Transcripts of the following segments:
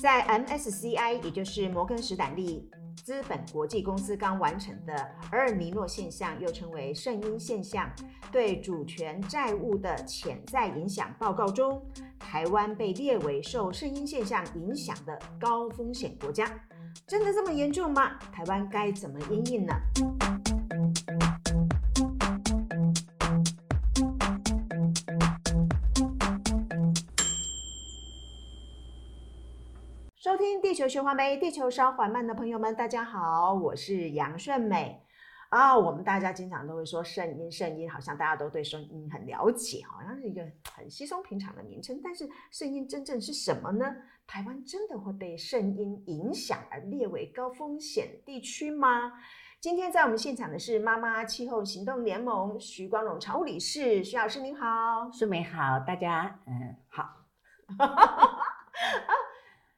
在 MSCI，也就是摩根士丹利資本國際公司剛完成的厄爾尼諾現象，又稱為聖嬰現象對主權債務的潛在影響報告中，台灣被列為受聖嬰現象影響的高風險國家。真的這麼嚴重嗎？台灣該怎麼因應呢？地球循環沒？地球稍緩慢的朋友們，大家好，我是楊順美啊。Oh, 我們大家經常都會說聖嬰，聖嬰，好像大家都對聖嬰很了解，好像是一個很稀鬆平常的名稱。但是聖嬰真正是什麼呢？台灣真的會被聖嬰影響而列為高風險地區嗎？今天在我們現場的是媽媽氣候行動聯盟徐光榮常務理事。徐老師您好，順美好，大家嗯好。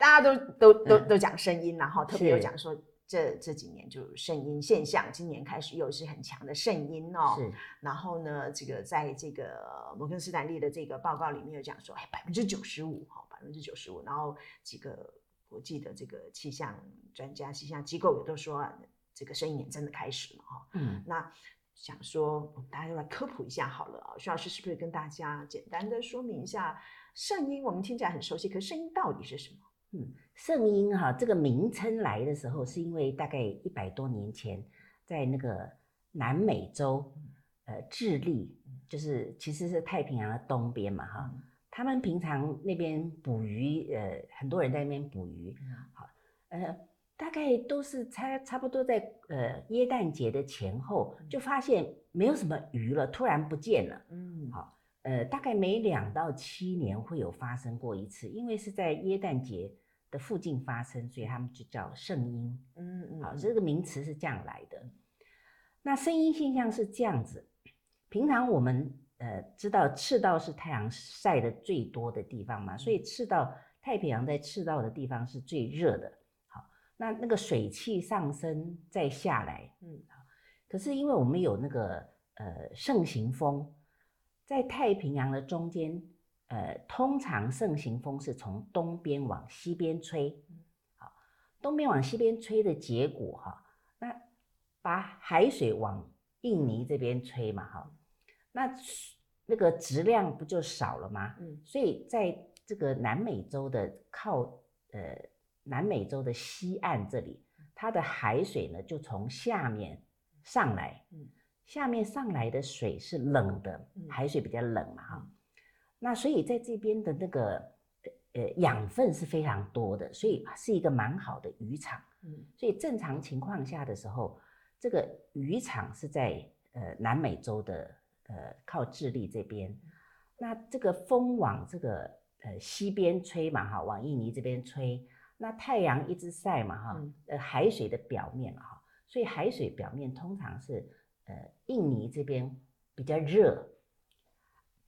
大家都都都都講聖嬰、嗯，然後特別有講說這，這這幾年就聖嬰現象，今年開始又是很強的聖嬰哦。然後呢，這個在這個摩根士丹利的這個報告裡面有講說，哎，百分之九十五哈，百分之九十五。然後幾個國際的這個氣象專家、氣象機構也都說、啊，這個聖嬰也真的開始了哈、哦。嗯，那想說，大家要來科普一下好了、哦。徐老師是不是跟大家簡單的說明一下，聖嬰我們聽起來很熟悉，可是聖嬰到底是什麼？嗯，聖嬰哈、啊、這個名稱來的時候，是因為大概一百多年前，在那個南美洲，呃，智利，就是其實是太平洋的東邊嘛，哈，他們平常那邊捕魚，呃，很多人在那邊捕魚，好、嗯，呃，大概都是差差不多在呃，耶誕節的前後，就發現沒有什麼魚了，突然不見了，嗯，好、哦。呃，大概每兩到七年會有發生過一次，因為是在耶誕節的附近發生，所以他們就叫聖嬰。嗯嗯好，這個名詞是這樣來的。那聖嬰現象是這樣子，平常我們呃知道赤道是太陽曬的最多的地方嘛，所以赤道太平洋在赤道的地方是最熱的。好，那那個水汽上升再下來，嗯，可是因為我們有那個呃盛行風。在太平洋的中間，呃，通常盛行風是從東邊往西邊吹，好、哦，東邊往西邊吹的結果哈、哦，那把海水往印尼這邊吹嘛，哈、哦，那那個質量不就少了嗎？嗯、所以在這個南美洲的靠呃南美洲的西岸這裡，它的海水呢就從下面上來。嗯下面上來的水是冷的，海水比較冷嘛哈、嗯，那所以在這邊的那個呃養分是非常多的，所以是一個蠻好的漁場、嗯。所以正常情況下的時候，這個漁場是在呃南美洲的呃靠智利這邊、嗯，那這個風往這個呃西邊吹嘛哈，往印尼這邊吹，那太陽一直曬嘛哈，呃海水的表面哈，所以海水表面通常是。呃，印尼這邊比較熱，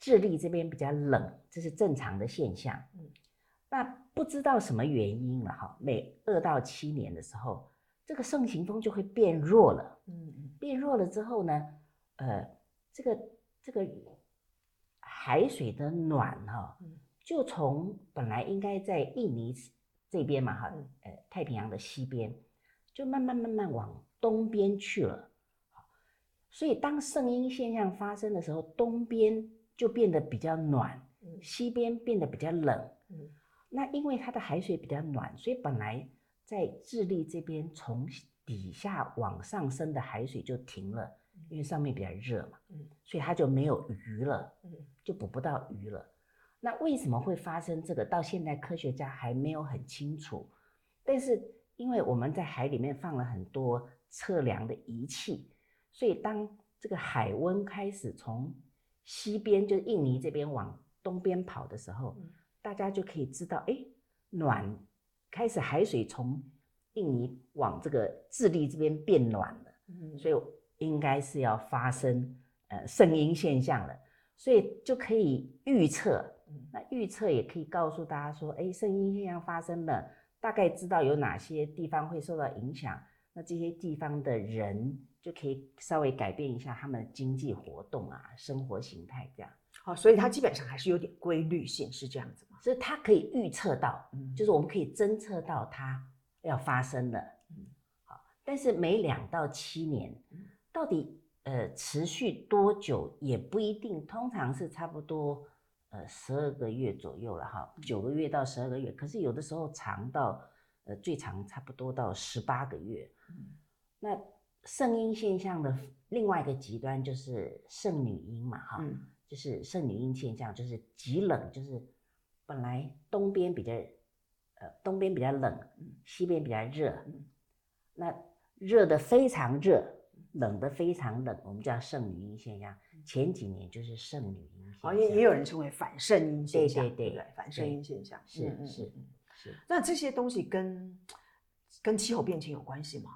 智利這邊比較冷，這是正常的現象。嗯，那不知道什麼原因了哈，每二到七年的時候，這個盛行風就會變弱了。嗯，變弱了之後呢，呃，這個這個海水的暖哈、哦，就從本來應該在印尼這邊嘛哈，呃，太平洋的西邊，就慢慢慢慢往東邊去了。所以，當聖嬰現象發生的時候，東邊就變得比較暖，西邊變得比較冷。那因為它的海水比較暖，所以本來在智利這邊從底下往上升的海水就停了，因為上面比較熱嘛，所以它就沒有魚了，就捕不到魚了。那為什麼會發生這個？到現在科學家還沒有很清楚。但是，因為我們在海裡面放了很多測量的儀器。所以，當這個海溫開始從西邊，就是印尼這邊往東邊跑的時候，大家就可以知道，哎，暖開始海水從印尼往這個智利這邊變暖了，所以應該是要發生呃聖音現象了。所以就可以預測，那預測也可以告訴大家說，哎，聖嬰現象發生了，大概知道有哪些地方會受到影響，那這些地方的人。就可以稍微改變一下他們的經濟活動啊，生活形態這樣。好、哦，所以他基本上還是有點規律性，是這樣子嗎？所以他可以預測到，嗯，就是我們可以偵測到它要發生了，嗯，好。但是每兩到七年，到底呃持續多久也不一定，通常是差不多呃十二個月左右了哈，九個月到十二個月。可是有的時候長到呃最長差不多到十八個月，嗯，那。聖嬰現象的另外一個極端就是聖女嬰嘛，哈、嗯，就是聖女嬰現象，就是極冷，就是本來東邊比較，呃，東邊比較冷，西邊比較熱、嗯，那熱得非常熱，冷得非常冷，我們叫聖女嬰現象、嗯。前幾年就是聖女嬰現象，好像、哦、也有人稱為反聖嬰現象，對對對，對對反聖嬰現象是是是，是，是。那這些東西跟跟氣候變遷有關係嗎？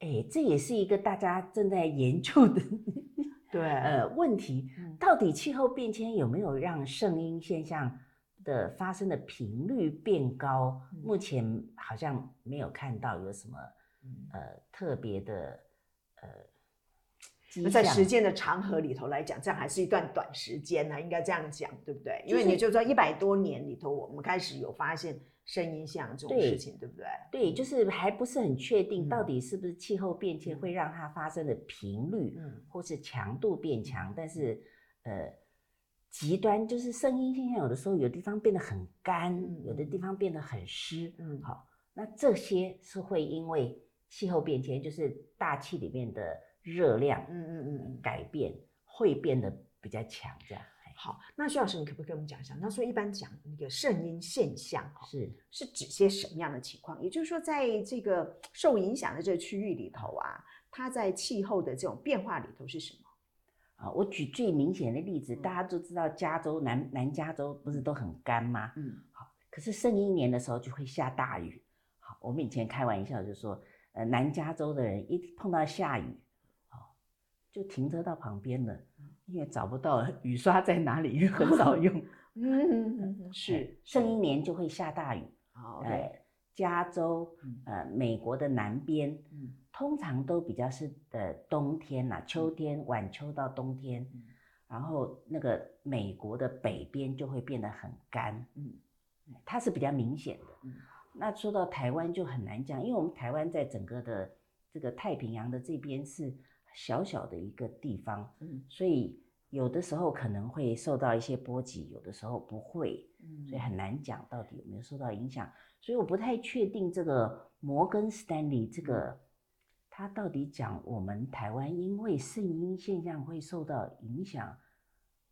哎、欸，這也是一個大家正在研究的 對、啊、呃問題，到底氣候變遷有沒有讓聖嬰現象的發生的頻率變高、嗯？目前好像沒有看到有什麼呃特別的呃。那在時間的長河裡頭來講，這樣還是一段短時間呢、啊，應該這樣講，對不對？就是，因為你就說一百多年裡頭，我們開始有發現聖嬰像這種事情對，對不對？對，就是還不是很確定到底是不是氣候變遷會讓它發生的頻率或是強度變強，嗯，但是呃，極端就是聖嬰現象，有的時候有的地方變得很乾，嗯，有的地方變得很濕，嗯，好，那這些是會因為氣候變遷，就是大氣裡面的。熱量，嗯嗯嗯，改變會變得比較強這樣。好，那徐老師，你可不可以跟我們講一下？他說一般講那個聖嬰現象，是是指些什麼樣的情況？也就是說，在這個受影響的這個區域裡頭啊，它在氣候的這種變化裡頭是什麼？啊，我舉最明顯的例子，大家都知道，加州南南加州不是都很乾嗎？嗯，好，可是聖嬰年的時候就會下大雨。好，我們以前開玩笑就說，呃，南加州的人一碰到下雨。就停車到旁邊了，因為找不到雨刷在哪裡，因為很少用。嗯， 是，聖嬰年就會下大雨。哦、oh, okay. 呃，加州，呃，美國的南邊、嗯，通常都比較是的、呃、冬天吶，秋天、嗯、晚秋到冬天、嗯，然後那個美國的北邊就會變得很乾。嗯，它是比較明顯的、嗯。那說到台灣就很難講，因為我們台灣在整個的這個太平洋的這邊是。小小的一個地方，嗯，所以有的時候可能會受到一些波及，有的時候不會，嗯，所以很難講到底有沒有受到影響，所以我不太確定這個摩根士丹利這個他到底講我們台灣因為聖嬰現象會受到影響，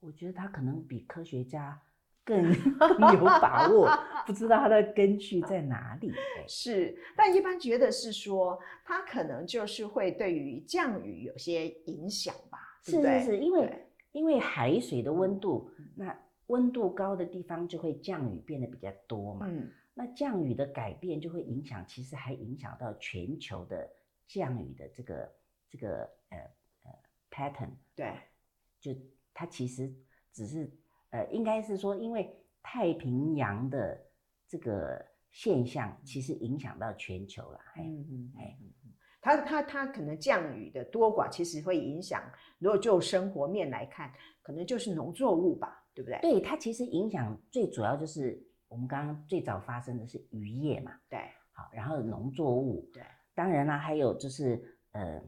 我覺得他可能比科學家。更，更有把握， 不知道它的根據在哪裡，欸。是，但一般覺得是說，它可能就是會對於降雨有些影響吧，對不對？是是是，因為因為海水的溫度，那溫度高的地方就會降雨變得比較多嘛。嗯。那降雨的改變就會影響，其實還影響到全球的降雨的這個這個呃呃 pattern。對。就它其實只是。呃，應該是說，因為太平洋的這個現象其實影響到全球了。嗯嗯，嗯，它它它，可能降雨的多寡，其實會影響。如果就生活面來看，可能就是農作物吧，對不對？對，它其實影響最主要就是我們剛剛最早發生的是漁業嘛。對，好，然後農作物。對，當然啦，還有就是呃，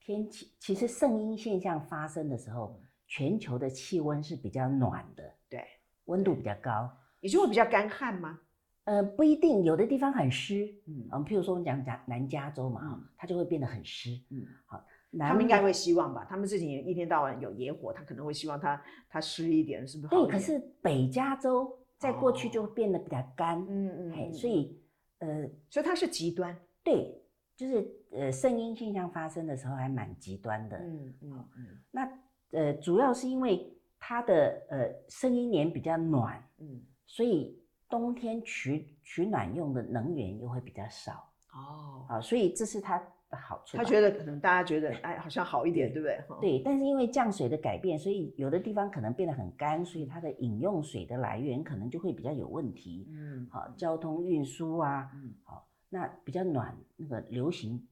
天氣其實聖嬰現象發生的時候。全球的氣溫是比較暖的，對，對溫度比較高，也就會比較乾旱嗎？呃，不一定，有的地方很濕，嗯，嗯，譬如說我們講講南加州嘛，嗯，它就會變得很濕，嗯，好，南，他們應該會希望吧，他們自己一天到晚有野火，他可能會希望它它濕一點，是不是？對，可是北加州在過去就會變得比較乾，嗯、哦、嗯，哎、嗯，所以，呃，所以它是極端，對，就是呃，聖嬰現象發生的時候還蠻極端的，嗯嗯，那。呃，主要是因為它的呃，聖嬰年比較暖，嗯，所以冬天取取暖用的能源又會比較少，哦，好、啊，所以這是它的好處。他覺得可能大家覺得哎，好像好一點 對，對不對？對，但是因為降水的改變，所以有的地方可能變得很乾，所以它的飲用水的來源可能就會比較有問題，嗯，好、啊，交通運輸啊，嗯，好、啊，那比較暖，那個流行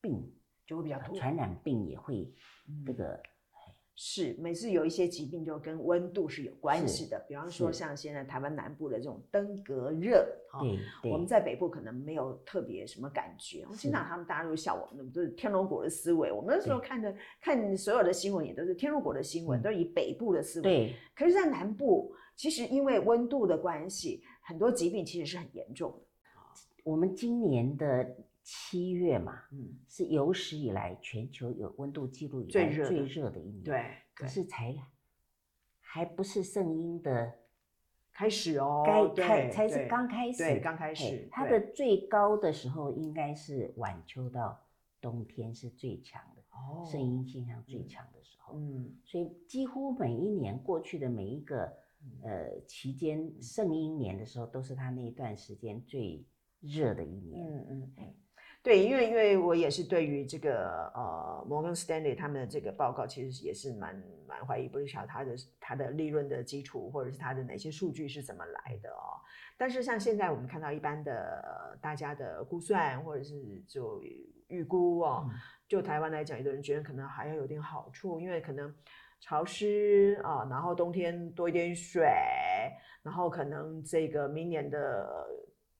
病就會比較、啊、傳染病也會這個。嗯是，每次有一些疾病就跟溫度是有關係的。比方說，像現在台灣南部的這種登革熱，我們在北部可能沒有特別什麼感覺。我們經常他們大家都笑我們都、就是天龍國的思維，我們那時候看的看所有的新聞也都是天龍國的新聞，嗯、都是以北部的思維。可是，在南部其實因為溫度的關係，很多疾病其實是很嚴重的。我們今年的。七月嘛，嗯，是有史以來全球有溫度記錄以來最熱的一年，對，可是才還不是聖嬰的開始哦，該開才是剛開始，對對剛開始，它的最高的時候應該是晚秋到冬天是最強的，哦，聖嬰現象最強的時候，嗯，所以幾乎每一年過去的每一個、嗯、呃期間聖嬰年的時候，都是它那一段時間最熱的一年，嗯嗯。對，因為因為我也是對於這個呃摩根士丹利他們的這個報告，其實也是蠻蠻懷疑，不知道它的它的利潤的基礎，或者是它的哪些數據是怎麼來的哦。但是像現在我們看到一般的大家的估算，或者是就預估哦、嗯，就台灣來講，有的人覺得可能還要有點好處，因為可能潮濕啊、呃，然後冬天多一點水，然後可能這個明年的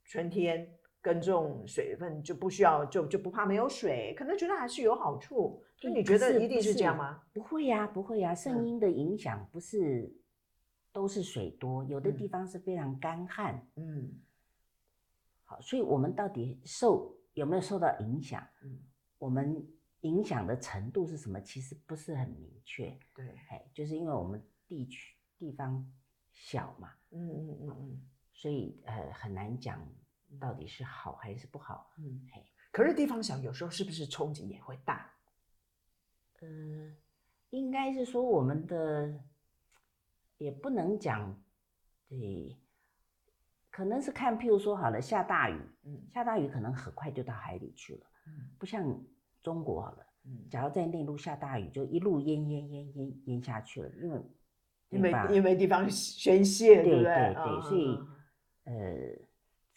春天。耕種水分，就不需要，就就不怕沒有水，可能覺得還是有好處。就你覺得一定是這樣嗎？不會呀，不會呀、啊。聖嬰、啊、的影響不是、嗯、都是水多，有的地方是非常乾旱。嗯，好，所以我們到底受有沒有受到影響？嗯，我們影響的程度是什麼？其實不是很明確。對，哎，就是因為我們地區地方小嘛。嗯嗯嗯嗯，所以呃很難講。到底是好還是不好？嗯，嘿，可是地方小，有時候是不是衝擊，也會大？嗯，應該是說我們的、嗯、也不能講，對，可能是看，譬如說，好了，下大雨、嗯，下大雨可能很快就到海裡去了，嗯、不像中國，好了、嗯，假如在內陸下大雨，就一路淹淹淹淹淹，淹下去了，因為因為因為沒地方宣洩，對對，對？對、哦，所以，嗯、呃。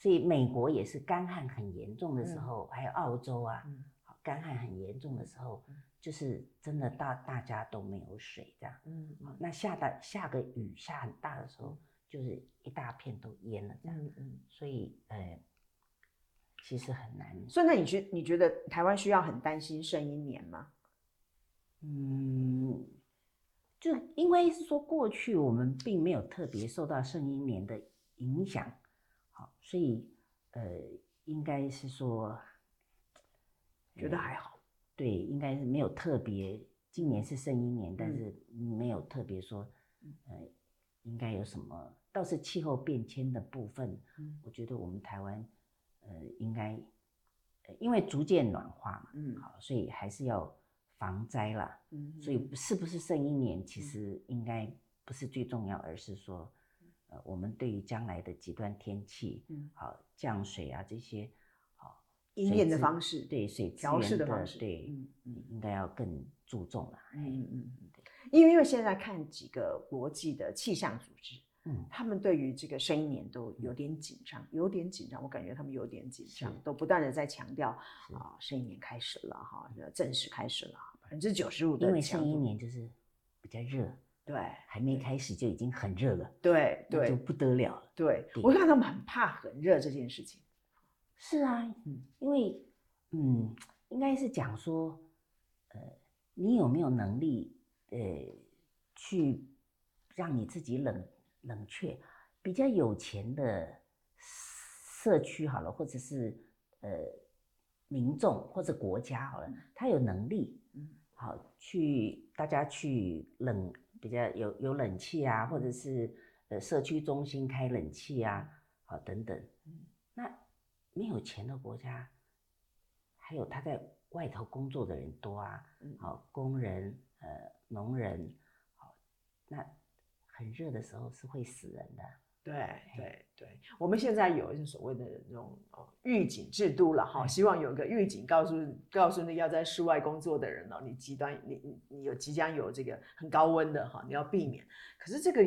所以美國也是乾旱很嚴重的時候、嗯，還有澳洲啊，乾、嗯、旱很嚴重的時候，嗯、就是真的大大家都沒有水這樣。嗯，那下大下個雨下很大的時候，就是一大片都淹了這樣。嗯。嗯所以、呃、其實很難。所以，那你覺你覺得台灣需要很擔心聖嬰年嗎？嗯，就因為是說過去我們並沒有特別受到聖嬰年的影響。所以，呃，應該是說、呃，覺得還好。對，應該是沒有特別。今年是聖嬰年，嗯，但是沒有特別說，呃，應該有什麼？倒是氣候變遷的部分，嗯，我覺得我們台灣，呃，應該、呃，因為逐漸暖化嘛，嗯，好，所以還是要防災啦，嗯。所以是不是聖嬰年，其實應該不是最重要，嗯、而是說。我們對於將來的極端天氣，嗯，好、啊、降水啊這些，好、啊、應對的,的方式，對水資源的方式，對、嗯，嗯，應該要更注重了。嗯嗯嗯。因為現在看幾個國際的氣象組織，嗯，他們對於這個聖嬰年都有點緊張、嗯，有點緊張，我感覺他們有點緊張，都不斷地在強調啊，聖嬰年開始了哈，正式開始了，百分之九十五的，因為聖嬰年就是比較熱。嗯對，還沒開始就已經很熱了。對對，就不得了了對對。對，我看他們很怕很熱這件事情。是啊，嗯，因為，嗯，應該是講說，呃，你有沒有能力，呃，去讓你自己冷冷卻？比較有錢的社區好了，或者是呃民眾或者國家好了，他有能力，嗯，好去大家去冷。.比較有有冷氣啊，或者是呃社區中心開冷氣啊，好、哦、等等。嗯，那沒有錢的國家，還有他在外頭工作的人多啊，好、哦、工人，呃農人，好、哦，那很熱的時候是會死人的。對對對，我們現在有一些所謂的這種預警制度了哈，希望有一個預警告訴告訴你，要在室外工作的人哦，你極端你你有即將有這個很高溫的哈，你要避免。可是這個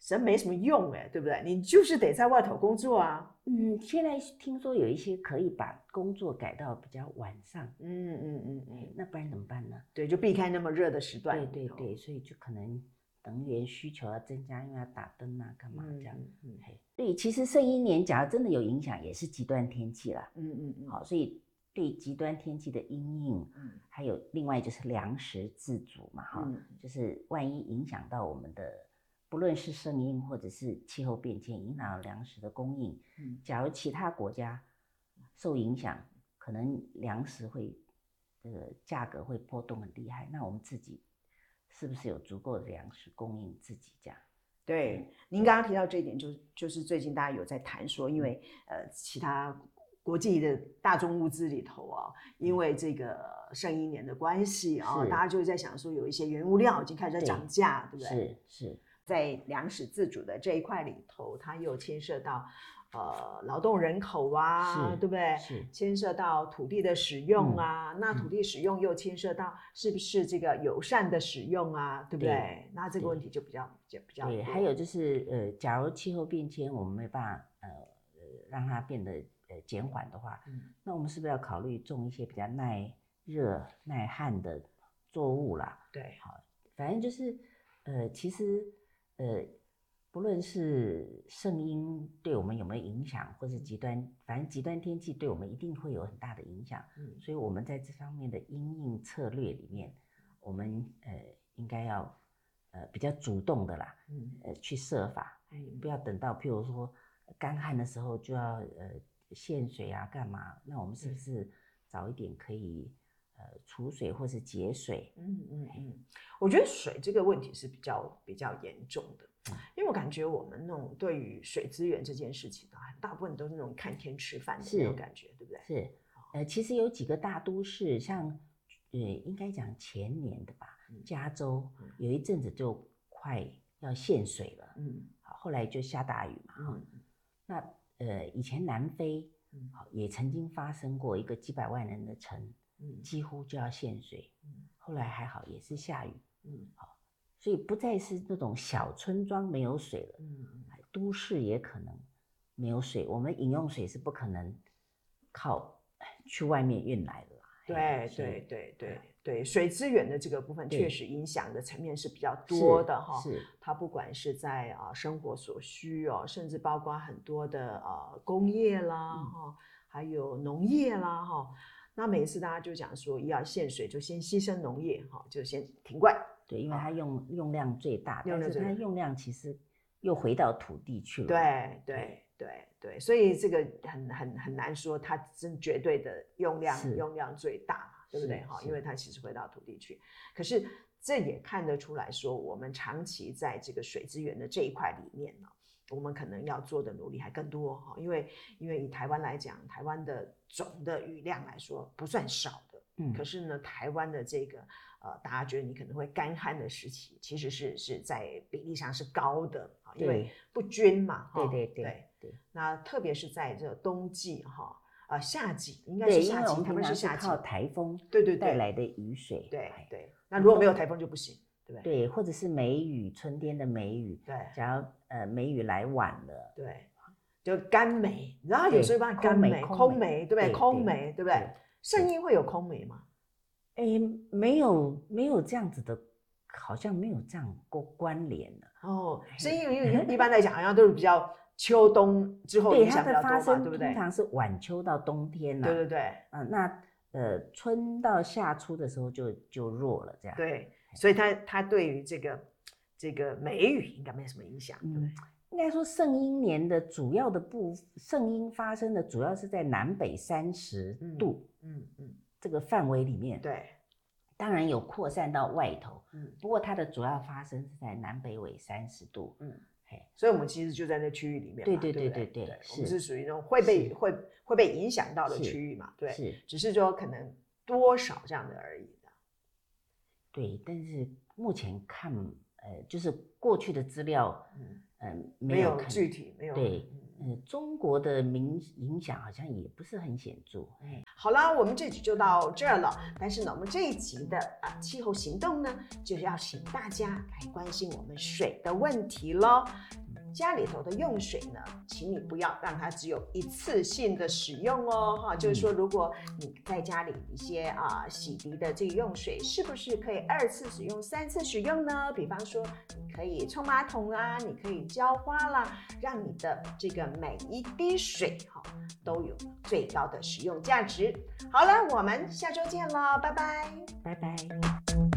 真沒什麼用哎，對不對？你就是得在外頭工作啊。嗯，現在聽說有一些可以把工作改到比較晚上。嗯嗯嗯嗯，那不然怎麼辦呢？對，就避開那麼熱的時段。對對對，所以就可能。能源需求要增加，因為要打燈啊，幹嘛這樣？嗯嗯、對，其實聖嬰年，假如真的有影響，也是極端天氣了。嗯嗯嗯。好，所以對極端天氣的因應、嗯，還有另外就是糧食自主嘛，哈、嗯，就是萬一影響到我們的，不論是聖嬰或者是氣候變遷，影響到糧食的供應、嗯。假如其他國家受影響，可能糧食會這個、呃、價格會波動很厲害，那我們自己。是不是有足夠的糧食供應自己家？對，您剛剛提到這一點就，就就是最近大家有在談說，因為呃，其他國際的大宗物資裡頭哦、啊，因為這個聖嬰年的關係哦、啊，大家就在想說，有一些原物料已經開始在漲價，對，對不對？是是，在糧食自主的這一塊裡頭，它又牽涉到。呃，勞動人口啊，對不對？是牽涉到土地的使用啊、嗯，那土地使用又牽涉到是不是這個友善的使用啊，嗯、對不對，對？那這個問題就比較就比較。對，還有就是呃，假如氣候變遷我們沒辦法呃讓它變得呃減緩的話、嗯，那我們是不是要考慮種一些比較耐熱耐旱的作物啦？對，好，反正就是呃，其實呃。不論是聖嬰對我們有沒有影響，或是極端，反正極端天氣對我們一定會有很大的影響。嗯，所以，我們在這方面的因應策略裡面，我們呃應該要、呃、比較主動的啦。呃、嗯，去設法，不要等到譬如說乾旱的時候就要呃限水啊，幹嘛？那我們是不是早一點可以呃儲水或是節水？嗯嗯嗯，我覺得水這個問題是比較比較嚴重的。嗯、因為我感覺我們那種對於水資源這件事情，啊，大部分都是那種看天吃飯的那種感覺，對不對？是，呃，其實有幾個大都市，像，呃，應該講前年的吧，嗯、加州、嗯、有一陣子就快要限水了，嗯，好，後來就下大雨嘛，哈、嗯哦，那呃，以前南非，好、嗯，也曾經發生過一個幾百萬人的城，嗯，幾乎就要限水，嗯，後來還好，也是下雨，嗯，哦所以不再是那種小村莊沒有水了，都市也可能沒有水。我們飲用水是不可能靠去外面運來的。對對對對對，水資源的這個部分確實影響的層面是比較多的哈。是，它不管是在啊生活所需哦，甚至包括很多的啊工業啦哈、嗯，還有農業啦哈。那每一次大家就講說，要限水就先犧牲農業哈，就先停灌。對，因為它用用量最大，但是它用量其實又回到土地去了。對對對對，所以這個很很很難說它真絕對的用量用量最大，對不對哈？因為它其實回到土地去，可是這也看得出來說，我們長期在這個水資源的這一塊裡面呢，我們可能要做的努力還更多哈，因為因為以台灣來講，台灣的總的雨量來說不算少。可是呢，台灣的這個呃，大家覺得你可能會乾旱的時期，其實是是在比例上是高的，因為不均嘛。對對對，對，對，對，對，那特別是在這個冬季哈，呃，夏季應該是夏季，他們是夏季，颱風對對，帶來的雨水。對對，對，對，對，對、嗯對。那如果沒有颱風就不行，對對？或者是梅雨，春天的梅雨。對。假如呃梅雨來晚了，對，就乾梅，然後有時候把你乾梅空梅，對不對？空梅，梅空梅空梅空梅對不對，對？對對對對。聖嬰會有空梅嗎？哎，沒有，沒有這樣子的，好像沒有這樣關關聯的哦。聖嬰因為一般來講，好像都是比較秋冬之後影響比較多，對，對不對？通常是晚秋到冬天嘛，啊，對對對。嗯、呃，那、呃、春到夏初的時候就就弱了，這樣。對，所以它它對於這個這個梅雨應該沒有什麼影響、嗯、對應該說，聖嬰年的主要的部分，聖嬰發生的主要是在南北三十度，嗯嗯，嗯，這個範圍裡面，對，當然有擴散到外頭，嗯，不過它的主要發生是在南北緯三十度，嗯，嘿，所以我們其實就在那區域裡面，對對對對對，對，對，對，我們是屬於那種會被會會被影響到的區域嘛，對，只是說可能多少這樣的而已，對，但是目前看，呃，就是過去的資料，嗯。嗯，沒有具體沒有對，嗯，中國的影影響好像也不是很顯著。哎、嗯，好了，我們這集就到這兒了。但是呢，我們這一集的啊氣候行動呢，就是要請大家來關心我們水的問題嘍。家裡頭的用水呢，請你不要讓它只有一次性的使用哦，哈、嗯，就是說，如果你在家裡一些啊洗滌的這個用水，是不是可以二次使用、三次使用呢？比方說，你可以沖馬桶啊，你可以澆花啦，讓你的這個每一滴水哈、啊、都有最高的使用價值。好了，我們下周見囉，拜拜，拜拜。